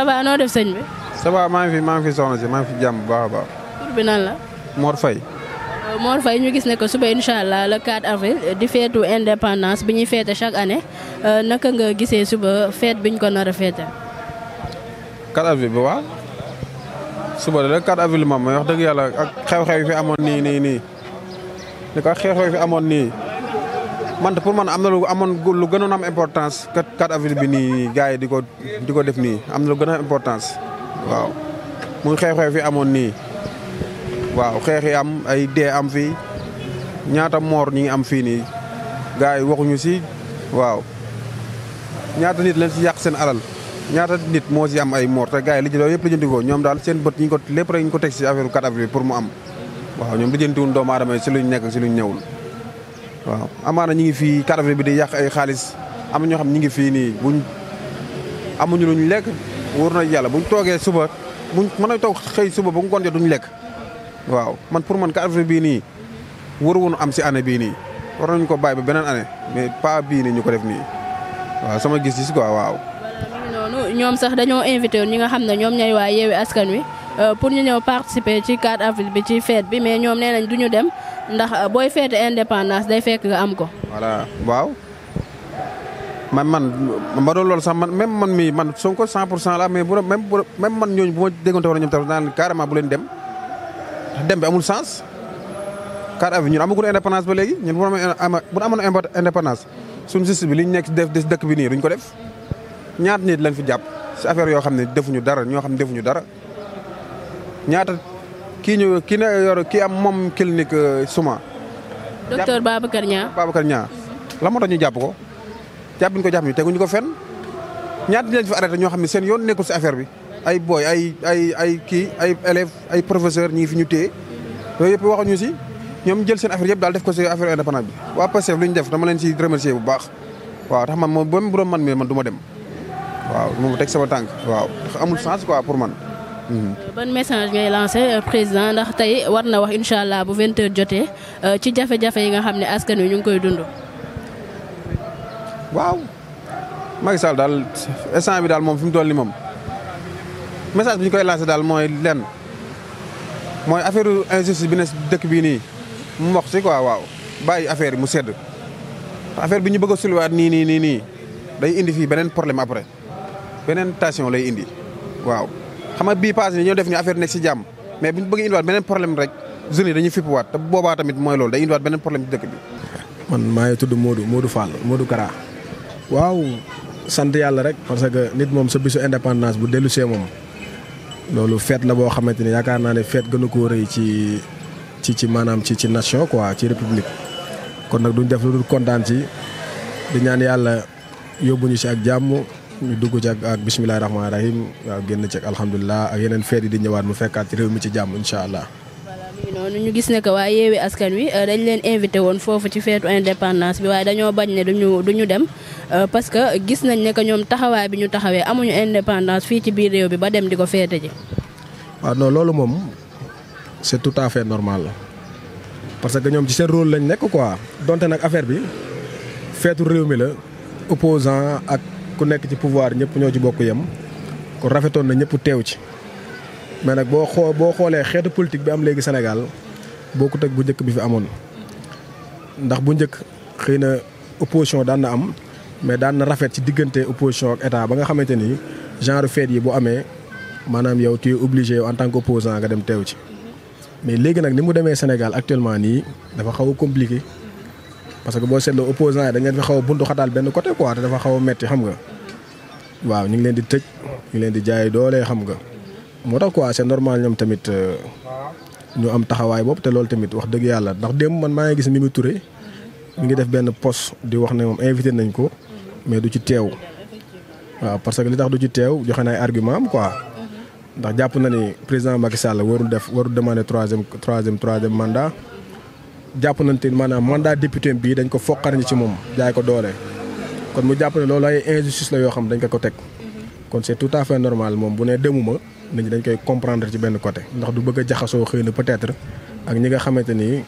ça va noo def sëñ bi. ça va fi maa fi soxna si maa fi jàmm baax baax. bi nan la. Mor Faye. Euh, Mor Faye ñu gis ne que suba incha allah le 4 avril di feetu indépendance bi ñuy feete chaque année euh, naka nga gisee suba feet bi ñu ko nar a feete. avril bi waaw suba le 4 avril moom wax dëgg yàlla ak xew-xew fi amoon nii nii nii ni ko xew-xew fi amoon nii. man pour man am na lu amoon lu gënoon am importance 4 avril bi nii gars yi di ko di ko def nii am na lu gën a importance waaw muy xeexee fi amoon nii waaw xeex yi am ay dee am fii ñaata moor ñu ngi am fii nii gars yi waxuñu si waaw ñaata nit lañ si yàq seen alal ñaata nit moo si am ay moor te gars yi li loolu yëpp ñoom daal seen bët ñi ko lépp rek ko teg si affaire 4 avril pour mu am waaw ñoom lijjantiwuñ doomu aadama yi si luñ nekk si luñ ñëwul waaw amaana ñi ngi fii caravane bi di yàq ay xaalis am ñoo xam ñi ngi fii nii buñ amuñu luñ lekk wóor na yàlla buñ toogee suba buñ mën a toog xëy suba bu ngoon jot duñ lekk waaw man pour man caravane bii nii war woon am si année bii nii war nañ ko bàyyi ba beneen année mais pas bii nii ñu ko def nii waaw sama gis-gis quoi waaw. noonu ñoom sax dañoo invité ñi nga xam ne ñoom ñooy waa yeewi askan wi euh, pour ñu ñëw participer ci 4 avril bi ci feet bi mais ñoom nee nañ duñu dem. ndax euh, booy feete indépendance day fekk nga am ko. voilà waaw man man ma doon loolu sax man même man mii man Sonko 100 pour cent la mais bu même même man ñooñu bu ma déggoon woon ñoom tamit naan carrément bu leen dem dem bi amul sens. car avenue ñun amagul indépendance ba léegi ñun bu ñu amoon indépendance suñu justice bi li ñu nekk def des dëkk bi nii duñ ko def ñaat nit lañ fi jàpp si affaire yoo xam ne defuñu dara ñoo xam ne defuñu dara ñaata. kii ñu kii ne yor ki am moom clinique euh, suma. docteur Babacar Niang Babacar Niang mhm. la moo tax ñu jàpp ko jàpp ñu ko jàpp ñu teguñu ko fen ñaata ñu leen fi arrêté ñoo xam ne seen yoon nekkul si affaire bi ay booy ay kii ay élèves ay professeurs ñi fi ñu téye yooyu yëpp waxuñu si ñoom jël seen affaire yëpp daal def ko si affaire indépendance bi. waa PASTEF lu ñu def dama leen si remercier bu baax waaw tax man moom bu doon man mi man du ma dem waaw mu teg sama tànk waaw amul sens quoi pour man. Euh, ban message ngay lancé euh, président ndax tey war na wax incha allah bu 20 heures jotee euh, ci jafe-jafe yi nga xam ne askan wi ñu ngi koy dund. waaw Macky Sall daal instant bi daal moom fi mu toll nii moom message bi ñu koy lancé daal mooy lenn mooy affaire injustice bi ne dëkk bii nii mu wax si quoi waaw bàyyi affaire yi mu sedd affaire bi ñu bëgg a nii nii nii nii day indi fii beneen problème après beneen tension lay indi waaw. xam bii passé ñoo def ni affaire nekk si jàmm mais bu ñu bëgg indiwaat beneen problème rek jeunes yi dañuy fippuwaat te boobaa tamit mooy loolu day indiwaat beneen problème ci dëkk bi. man maa ngi tudd Modou Modou Fall Modou Kara. waaw sant yàlla rek parce que nit moom sa bisu indépendance bu dellu see moom loolu feet la boo xamante ni yaakaar naa ne feet gën a koo rëy ci ci ci maanaam ci ci nation quoi ci république kon nag duñ def lu dul kontaan ci di yàlla yóbbuñu si ak jàmm. ñu dugg ci ak ak bisimilah rahmaani rahim waaw génn ci alhamdulilah ak yeneen feet yi di ñëwaat mu fekkaat réew mi ci jàmm incha allah. voilà ñu gis ne que waa yeewi askan wi euh, dañ leen invité woon foofu ci feetu indépendance bi waaye dañoo bañ ne duñu duñu dem euh, parce que gis nañ ne que ñoom taxawaay bi ñu taxawee amuñu indépendance fii ci biir réew bi ba dem di ko feete ji. waaw non loolu moom c'est tout à fait normal parce que ñoom ci seen rôle lañ nekk quoi donte nag bi feetu réew mi ku nekk ci pouvoir ñëpp ñoo ci bokk yem kon rafetoon na ñëpp teew ci mais nag boo xoo boo xoolee xeetu politique bi am léegi Sénégal bokkut ak bu njëkk bi fi amoon ndax bu njëkk xëy na opposition daan na am mais daan na rafet ci diggante opposition ak état ba nga xamante ni genre fête yi bu amee maanaam yow tu es obligé yow en tant que opposant nga dem teew ci mais léegi nag ni mu demee Sénégal actuellement nii dafa xaw a compliqué parce que boo seetloo opposant a buntu xataal benn côté quoi te dafa xaw a metti xam nga waaw ñu ngi leen di tëj ñu leen di jaay doole xam nga moo tax quoi c'est normal ñoom tamit euh, ñu am taxawaay boobu te loolu tamit wax dëgg yàlla ndax démb man maa ngi gis Mimi ture mu ngi def benn post di wax ne moom invité nañ ko mais du ci teew waaw parce que li tax du ci teew joxe na ay argument am quoi ndax jàpp na ni président Macky Sall warul def waru demander troisième troisième troisième mandat jàpp nañ te maanaam mandat député bii dañ ko foqar ñi ci moom jaay ko doole. kon mu jàpp ne loolu ay injustice la yoo xam dañ ko ko teg kon c'est tout à fait normal moom bu nee demuma nit ñi dañ koy comprendre ci benn côté ndax du bëgg a jaxasoo xëy ne peut-être ak ñi nga xamante ni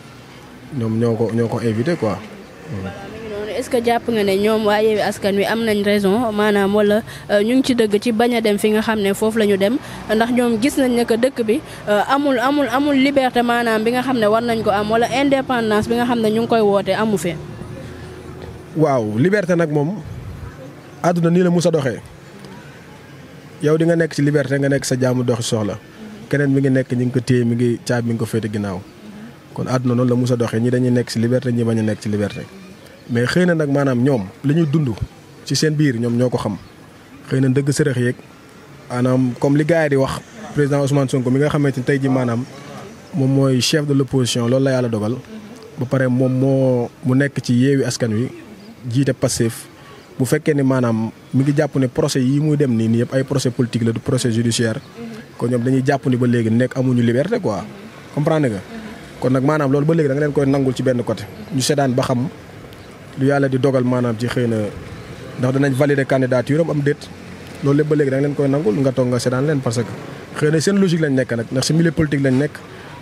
ñoom ñoo ko ñoo ko invité quoi. est-ce que jàpp nga ne ñoom waa Yewwi Askan Wi am nañ raison maanaam wala euh, ñu ngi ci dëgg ci bañ a dem fi nga xam ne foofu la ñu dem ndax ñoom gis nañ ne que dëkk bi euh, amul amul amul liberté maanaam bi nga xam ne war nañ ko am wala indépendance bi nga xam ne ñu ngi koy woote amu fi. waaw liberté nag moom àdduna nii la mus a doxee yow di nga nekk ci liberté nga nekk sa jaamu doxi soxla keneen mi ngi nekk ñi ngi ko téye mi ngi caab mi ngi ko féete ginnaaw kon àdduna noonu la mus a doxee ñi dañuy nekk ci liberté ñi bañ a nekk ci liberté mais xëy na nag maanaam ñoom li ñuy dund ci seen biir ñoom ñoo ko xam xëy na dëgg sërëx yeeg maanaam comme li gars yi di wax président Ousmane Sonko mi nga xamante ni tey jii maanaam moom mooy chef de l'opposition loolu la yàlla dogal ba pare moom moo mu nekk ci yeewi askan wi jiite Pastef bu fekkee ni maanaam mi ngi jàpp ne procès yi muy dem nii nii yëpp ay procès politique la du procès judiciaire kon ñoom dañuy jàpp ni ba léegi nekk amuñu liberté quoi comprendre nga. kon nag maanaam loolu ba léegi da nga leen koy nangul ci benn côté ñu seddaan ba xam lu yàlla di dogal maanaam ci xëy na ndax danañ valider candidature am am loolu lépp ba léegi da nga leen koy nangul nga toog nga seddaan leen parce que xëy na seen logique lañ nekk nag ndax si milieu politique lañ nekk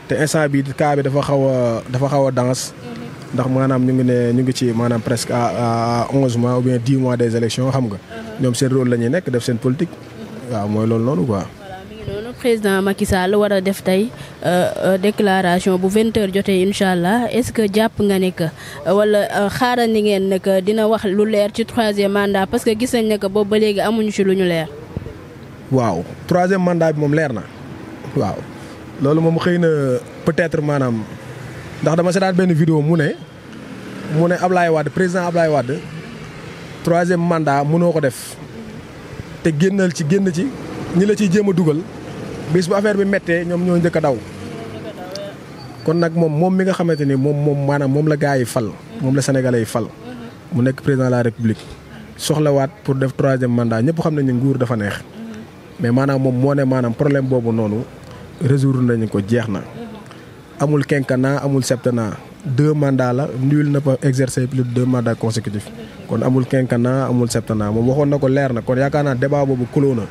te instant bi cas bi dafa xaw dafa xaw a danse ndax maanaam ñu ngi ne ñu ngi ci maanaam presque à onze mois ou bien dix mois des élections xam nga uh-huh. ñoom seen rôle la ñuy nekk def seen politique uh-huh. waaw mooy loolu noonu quoi. loolu président Macky Sall war a def tey euh, euh, déclaration bu vingt heures jotee incha allah est-ce que jàpp nga ne que euh, wala xaaral ni ngeen ne dina wax lu leer ci troisième mandat parce que gis nañ ne que boobu ba léegi amuñu ci lu ñu leer. waaw troisième mandat bi moom leer na. waaw loolu moom xëy na peut-être maanaam. ndax dama seetaan benn vidéo mu ne mu ne ab Ablaye Wade président Ablaye Wade troisième mandat mënoo ko def te génnal ci génn ci ñi la ciy jéem a dugal bis bu affaire bi méttee ñoom ñoo njëkk a daw. kon nag moom moom mi nga xamante ni moom moom maanaam moom la gars yi fal. moom la sénégalais fal. mu nekk président la république. soxlawaat pour def troisième mandat ñëpp xam nañu nguur dafa neex. mais maanaam moom moo ne maanaam problème boobu noonu résoudre nañu ko jeex na. amul quinquennat amul septennat deux mandats la nul na peut exercer plus de deux mandats consécutifs kon amul quinquennat amul septennat moom waxoon na ko leer na kon yaakaar naa débat boobu kuloo na.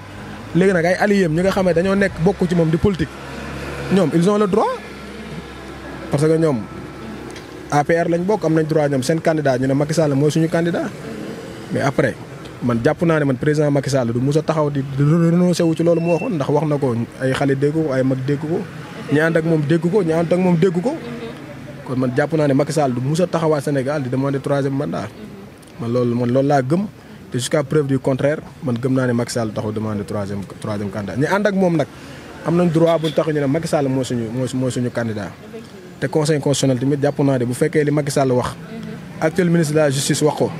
léegi nag ay alliés ñi nga xam ne dañoo nekk bokku ci moom di politique ñoom ils ont le droit parce que ñoom APR lañ bokk am nañ droit ñoom seen candidat ñu ne Macky Sall mooy suñu candidat mais après. man jàpp naa ne man président Macky Sall du mos taxaw di renoncé wu ci loolu mu ndax wax na ko ay xale dégg ay mag dégg ñi ànd ak moom dégg ko ñi ànd ak moom dégg ko mm-hmm. kon man jàpp naa ne Macky Sall du mus a taxawaat Sénégal di demander troisième mandat mm-hmm. man loolu man loolu laa gëm te jusqu'à preuve du contraire man gëm naa ne Macky Sall taxaw demande troisième troisième candidat ñi ànd ak moom nag am nañ droit bu taxu ñu ne Macky Sall moo suñu moo mooy suñu candidat te conseil constitutionnel tamit jàpp naa ne bu fekkee li Macky wax mm-hmm. actuel ministre de la justice wax ko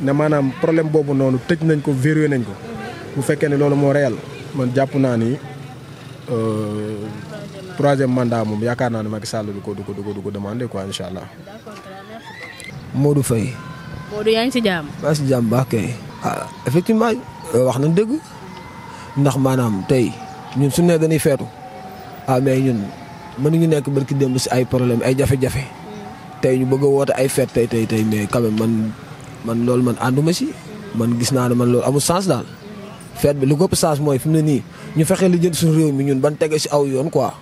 ne maanaam problème boobu noonu tëj nañ ko verrouillé nañ ko bu fekkee ne loolu moo réel man jàpp naa ni euh, troisième mandat moom yaakaar naa ne Macky Sall du ko du ko du ko du ko demandé quoi incha allah. Modou yaa ngi si jàmm. yaa jàmm baax kay. ah effectivement euh, wax na dëgg ndax maanaam tey ñun su ne dañuy feetu ah mais ñun mënuñu nekk barki démb si ay problème ay jafe-jafe tey ñu bëgg a woote ay feet tey tey tey mais quand man man loolu man ànduma si man gis naa ne man loolu amul sens daal feet bi lu ko ëpp sens mooy fi mu ne nii ñu fexe li jël suñu réew mi ñun ban tege si aw yoon quoi.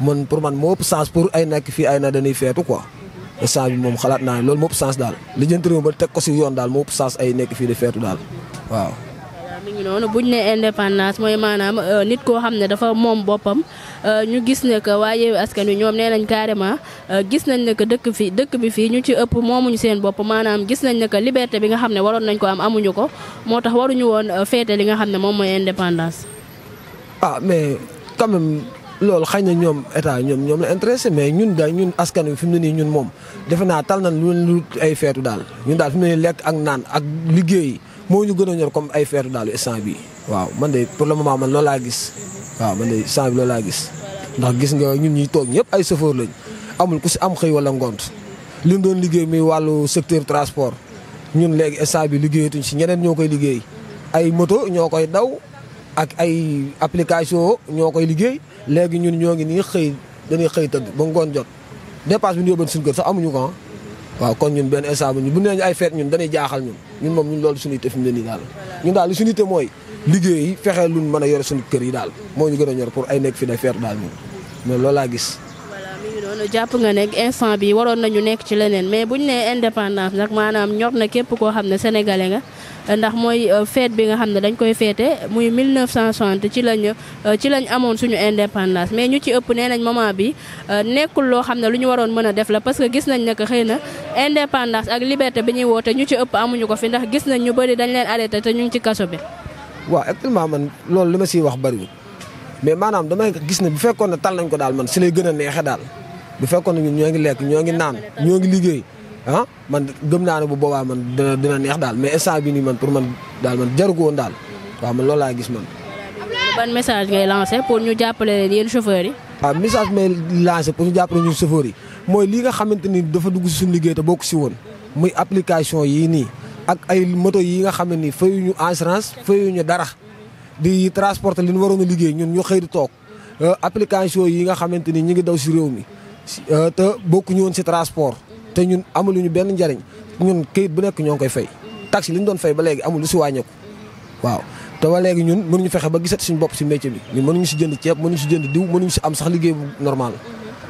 man pour man moo ëpp pour ay nekk fii ay na dañuy feetu quoi instant bi moom xalaat naa loolu moo ëpp sens daal li jënt ba teg ko si yoon daal moo ëpp sens ay nekk fii di feetu daal waaw mi ngi noonu buñ ne indépendance mooy maanaam euh, nit koo xam ne dafa moom boppam euh, ñu gis ne que waa Yewwi Askan Wi ñoom nee nañ carrément euh, gis nañ ne que dëkk fii dëkk bi fii ñu ci ëpp moomuñu seen bopp maanaam gis nañ ne que liberté bi nga xam ne waroon nañ ko am amuñu ko moo tax waruñu woon féete li nga xam ne moom mooy indépendance ah loolu xañ na ñoom état ñoom ñoom la intéressé mais ñun daal ñun askan wi fi mu ne nii ñun moom defe naa tal nañ lu lu ay feetu daal ñun daal fi na nii lekk ak naan ak liggéey moo ñu gën a ñor comme ay feetu daal instant bii. waaw man de pour moment man loolu laa gis waaw man de instant laa gis ndax gis nga ñun ñuy toog ñëpp ay chauffeur lañ amul ku si am xëy wala ngont li ñu doon liggéey muy wàllu secteur transport ñun léegi instant bi liggéeyatuñ si ñeneen ñoo koy liggéey ay moto ñoo koy daw. ak ay application ñoo koy liggéey léegi ñun ñoo ngi nii xëy dañuy xëy tëdd ba ngoon jot dépasse bi ñu yóbbu suñu kër sax amuñu ko ah. waaw kon ñun benn instant bu ñu bu nee ay feet ñun dañuy jaaxal ñun ñun moom ñun loolu suñu yitte fi mu ne nii daal ñun daal li suñu yitte mooy liggéey fexe luñ mën a yore suñu kër yi daal moo ñu gën a ñor pour ay nekk fi day feet daal ñun mais loolu laa gis jàpp nga ne instant bi waroon nañu nekk ci leneen mais bu ñu nee indépendance nag maanaam ñor na képp koo xam ne sénégalais nga ndax mooy euh, fête bi nga xam ne dañ koy féete muy 1960 ci lañ euh, ci lañ amoon suñu indépendance mais ñu ci ëpp nee nañ moment bi euh, nekkul loo xam ne lu ñu waroon mën a def la parce que gis nañ ne que xëy na indépendance ak liberté bi ñuy woote ñu ci ëpp amuñu ko fi ndax gis nañ ñu bëri dañ leen arrêté te ñu ngi ci kaso bi. waaw actuellement man loolu lu ma siy wax bëriwul mais maanaam damay gis ne bu fekkoon ne tal nañ ko daal man si lay gën a neexee daal. bu fekkoon ne ñun ñoo ngi lekk ñoo ngi naan ñoo ngi liggéey ah man gëm naa bu boobaa man dina neex daal mais instant bi nii man pour man daal man jaru ko woon daal waaw man loolu laa gis man. ban message ngay lancé pour ñu jàppale leen yéen chauffeurs yi. waaw ah, message may lancé pour ñu jàppale yi mooy li nga xamante ni dafa dugg si suñu liggéey te bokk si woon muy application yii nii ak ay moto yi nga xam ne nii fayuñu assurance ñu dara di transporter li ñu waroon a liggéey ñun ñu xëy di toog euh, application yi nga xamante ni ñu ngi daw si réew mi. Euh, te bokkuñu woon si transport te ñun amaluñu benn njariñ ñun kayit bu nekk ñoo ngi koy fay taxi li ñu doon fey ba léegi amul lu si wàññeeku waaw te ba léegi ñun mënuñu fexe ba gisat suñu bopp si métier bi ñun mënuñu si jënd ceeb mënuñu si jënd diw mënuñu si am sax liggéey bu normal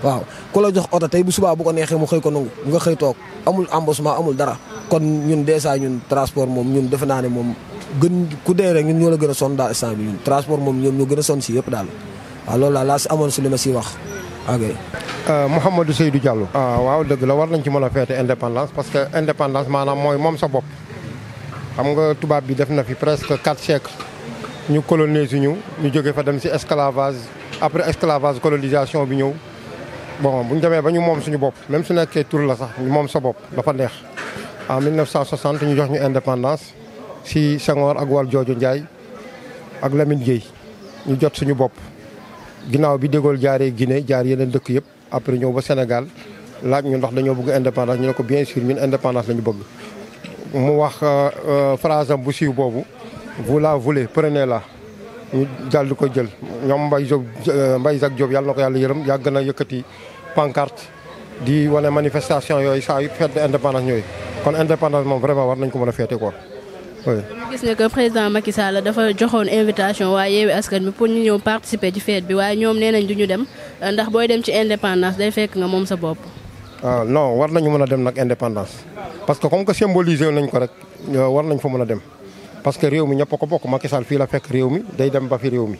waaw ku la jox oto tey bu subaa bu ko neexee mu xëy ko nangu nga xëy toog amul embauchement amul dara kon ñun dèjà ñun transport moom ñun defe naa ne moom gën ku dee rek ñun ñoo la gën a sonn daal instant bi moom ñoom ñoo gën a si yëpp daal waaw loolu laa si amoon si li ma wax ok Euh, Mouhamadou Seydou Diallo. Ah, waaw dëgg la war nañ ci mën a feete indépendance parce que indépendance maanaam mooy moom sa bopp xam nga tubaab bi def na fi presque quatre siècles ñu coloniser ñu ñu jóge fa dem si esclavage après esclavage colonisation bi ñëw bon bu ñu demee ba ñu moom suñu bopp même su nekkee tur la sax ñu moom sa bopp dafa neex. en 1960 ñu jox ñu indépendance si Senghor ak Valdiodio njaay ak Lamine Guèye ñu jot suñu bopp ginnaaw bi De Gaulle jaaree Guinée jaar yeneen dëkk yëpp. après ñëw ba Sénégal laaj ñu ndax dañoo bugg indépendance ñu ne ko bien sûr ñun indépendance la ñu bëgg mu wax euh, euh, phrase bu siiw boobu vous la voulez la ñu daal di ko jël ñoom mbay Diop euh, Mbaye Jacques Diop yàlla na ko yàlla yërëm yàgg na yëkkati pancarte di wane manifestation yooyu saa yu fête indépendance ñooyu kon indépendance moom vraiment war nañ ko mën a féete quoi gis ne que président Macky Sall dafa joxoon invitation waaye yeewi askan bi pour ñu ñëw participer ci feet bi waaye ñoom nee nañ du ñu dem ndax booy dem ci indépendance day fekk nga moom sa bopp. ah non war nañu mën a dem nag indépendance parce que comme que symboliser nañ ko rek euh, war nañ fa mën a dem parce que réew mi ñëpp ko bokk Macky Sall fii la fekk réew mi day dem ba fi réew mi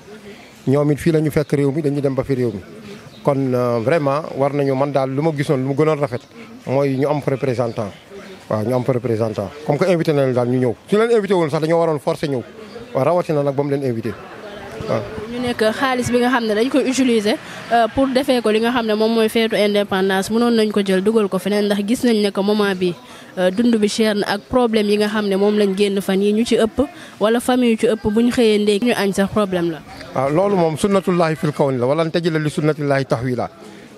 ñoom it fii la ñu fekk réew mi dañu dem ba fi réew mi. kon euh, vraiment war nañu man daal lu ma gisoon lu mu gënoon rafet mooy ñu am représentant. waaw ñu am fa comme que invité na leen daal ñu ñëw su leen invité woon sax dañoo waroon forcé ñëw waaw rawatina nag ba mu leen invité ñu nekk xaalis bi nga xam ne dañ ko utiliser euh, pour defee ko li nga xam ne moom mooy feetu indépendance mënoon nañ ko jël dugal ko feneen ndax gis nañ ne que moment bi euh, dund bi cher ak problème yi nga xam ne moom lañ génn fan yi ñu ci ëpp wala famille yu ci ëpp bu ñu xëyee ndéeg ñu añ sax problème la. loolu moom sunnatullahi fil kawni la wala ntajila li sunnatillahi tahwila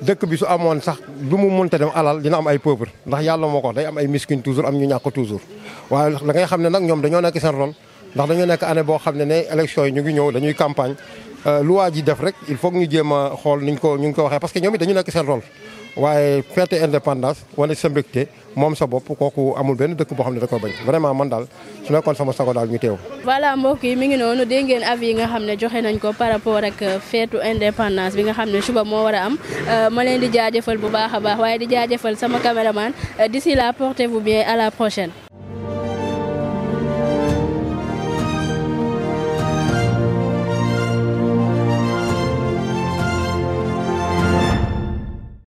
dëkk bi su amoon sax lu mu mun mënta dem alal dina am ay pauvre ndax yàlla moo ko day am ay miskin toujours am ñu ñàkk toujours waaye da ngay xam ne nag ñoom dañoo nekk seen rôle ndax dañoo nekk année boo xam ne ne élection yi ñu ngi ñëw dañuy campagne euh, lu waa ji def rek il faut ñu jéem a xool ñu ko ñu ngi ko waxee parce que ñoom it dañu nekk seen rôle waaye fête indépendance wane sa mbégte moom sa bopp koku amul benn dëkk boo xam ne da ko bañ vraiment man daal su nekkoon sama sago daal ñu teew. voilà mbokk yi mi ngi noonu dégg ngeen avis yi nga xam ne joxe nañ ko par rapport ak euh, feetu indépendance bi nga xam ne suba moo war a am euh, ma leen di jaajëfal bu baax a baax waaye di jaajëfal sama caméraman euh, d'ici là portez-vous bien à la prochaine.